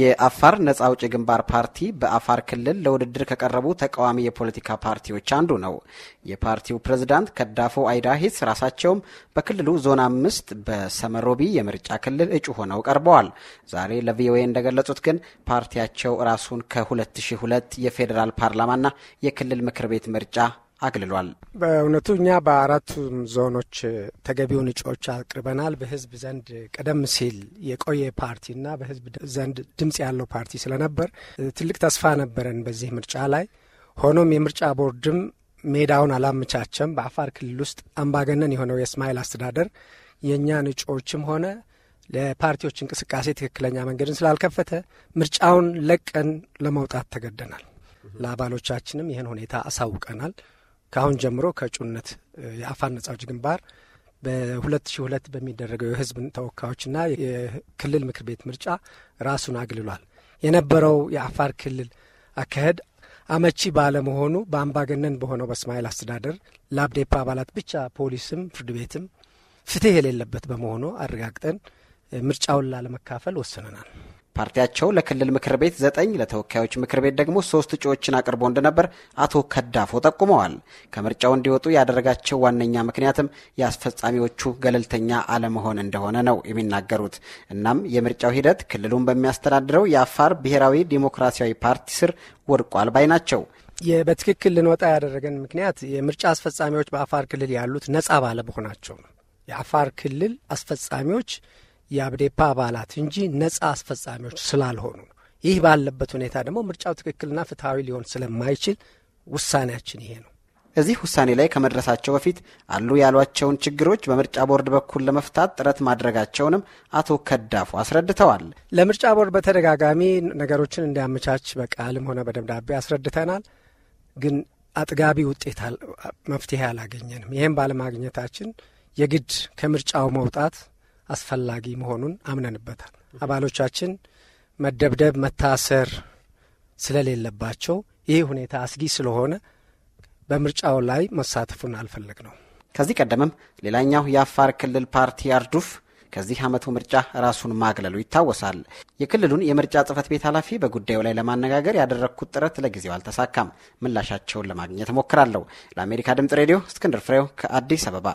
የአፋር ነጻ አውጪ ግንባር ፓርቲ በአፋር ክልል ለውድድር ከቀረቡ ተቃዋሚ የፖለቲካ ፓርቲዎች አንዱ ነው። የፓርቲው ፕሬዝዳንት ከዳፎ አይዳሂስ ራሳቸውም በክልሉ ዞን አምስት በሰመሮቢ የምርጫ ክልል እጩ ሆነው ቀርበዋል። ዛሬ ለቪኦኤ እንደገለጹት ግን ፓርቲያቸው ራሱን ከ2002 የፌዴራል ፓርላማና የክልል ምክር ቤት ምርጫ አግልሏል። በእውነቱ እኛ በአራቱም ዞኖች ተገቢውን እጩዎች አቅርበናል። በህዝብ ዘንድ ቀደም ሲል የቆየ ፓርቲና በህዝብ ዘንድ ድምፅ ያለው ፓርቲ ስለነበር ትልቅ ተስፋ ነበረን በዚህ ምርጫ ላይ። ሆኖም የምርጫ ቦርድም ሜዳውን አላመቻቸም። በአፋር ክልል ውስጥ አምባገነን የሆነው የእስማኤል አስተዳደር የእኛን እጩዎችም ሆነ ለፓርቲዎች እንቅስቃሴ ትክክለኛ መንገድን ስላልከፈተ ምርጫውን ለቀን ለመውጣት ተገደናል። ለአባሎቻችንም ይህን ሁኔታ አሳውቀናል። ከአሁን ጀምሮ ከእጩነት የአፋር ነጻ አውጪ ግንባር በ2002 በሚደረገው የህዝብ ተወካዮችና የክልል ምክር ቤት ምርጫ ራሱን አግልሏል። የነበረው የአፋር ክልል አካሄድ አመቺ ባለመሆኑ በአምባገነን በሆነው በእስማኤል አስተዳደር ለአብዴፓ አባላት ብቻ ፖሊስም ፍርድ ቤትም ፍትህ የሌለበት በመሆኑ አረጋግጠን ምርጫውን ላለመካፈል ወስነናል። ፓርቲያቸው ለክልል ምክር ቤት ዘጠኝ ለተወካዮች ምክር ቤት ደግሞ ሶስት እጩዎችን አቅርቦ እንደነበር አቶ ከዳፎ ጠቁመዋል። ከምርጫው እንዲወጡ ያደረጋቸው ዋነኛ ምክንያትም የአስፈጻሚዎቹ ገለልተኛ አለመሆን እንደሆነ ነው የሚናገሩት። እናም የምርጫው ሂደት ክልሉን በሚያስተዳድረው የአፋር ብሔራዊ ዲሞክራሲያዊ ፓርቲ ስር ወድቋል ባይ ናቸው። በትክክል ልንወጣ ያደረገን ምክንያት የምርጫ አስፈጻሚዎች በአፋር ክልል ያሉት ነጻ ባለመሆናቸው ነው። የአፋር ክልል አስፈጻሚዎች የአብዴፓ አባላት እንጂ ነጻ አስፈጻሚዎች ስላልሆኑ ነው። ይህ ባለበት ሁኔታ ደግሞ ምርጫው ትክክልና ፍትሐዊ ሊሆን ስለማይችል ውሳኔያችን ይሄ ነው። እዚህ ውሳኔ ላይ ከመድረሳቸው በፊት አሉ ያሏቸውን ችግሮች በምርጫ ቦርድ በኩል ለመፍታት ጥረት ማድረጋቸውንም አቶ ከዳፉ አስረድተዋል። ለምርጫ ቦርድ በተደጋጋሚ ነገሮችን እንዲያመቻች በቃልም ሆነ በደብዳቤ አስረድተናል። ግን አጥጋቢ ውጤት መፍትሄ አላገኘንም። ይህም ባለማግኘታችን የግድ ከምርጫው መውጣት አስፈላጊ መሆኑን አምነንበታል። አባሎቻችን መደብደብ፣ መታሰር ስለሌለባቸው ይህ ሁኔታ አስጊ ስለሆነ በምርጫው ላይ መሳተፉን አልፈለግ ነው። ከዚህ ቀደምም ሌላኛው የአፋር ክልል ፓርቲ አርዱፍ ከዚህ ዓመቱ ምርጫ ራሱን ማግለሉ ይታወሳል። የክልሉን የምርጫ ጽህፈት ቤት ኃላፊ በጉዳዩ ላይ ለማነጋገር ያደረግኩት ጥረት ለጊዜው አልተሳካም። ምላሻቸውን ለማግኘት እሞክራለሁ። ለአሜሪካ ድምፅ ሬዲዮ እስክንድር ፍሬው ከአዲስ አበባ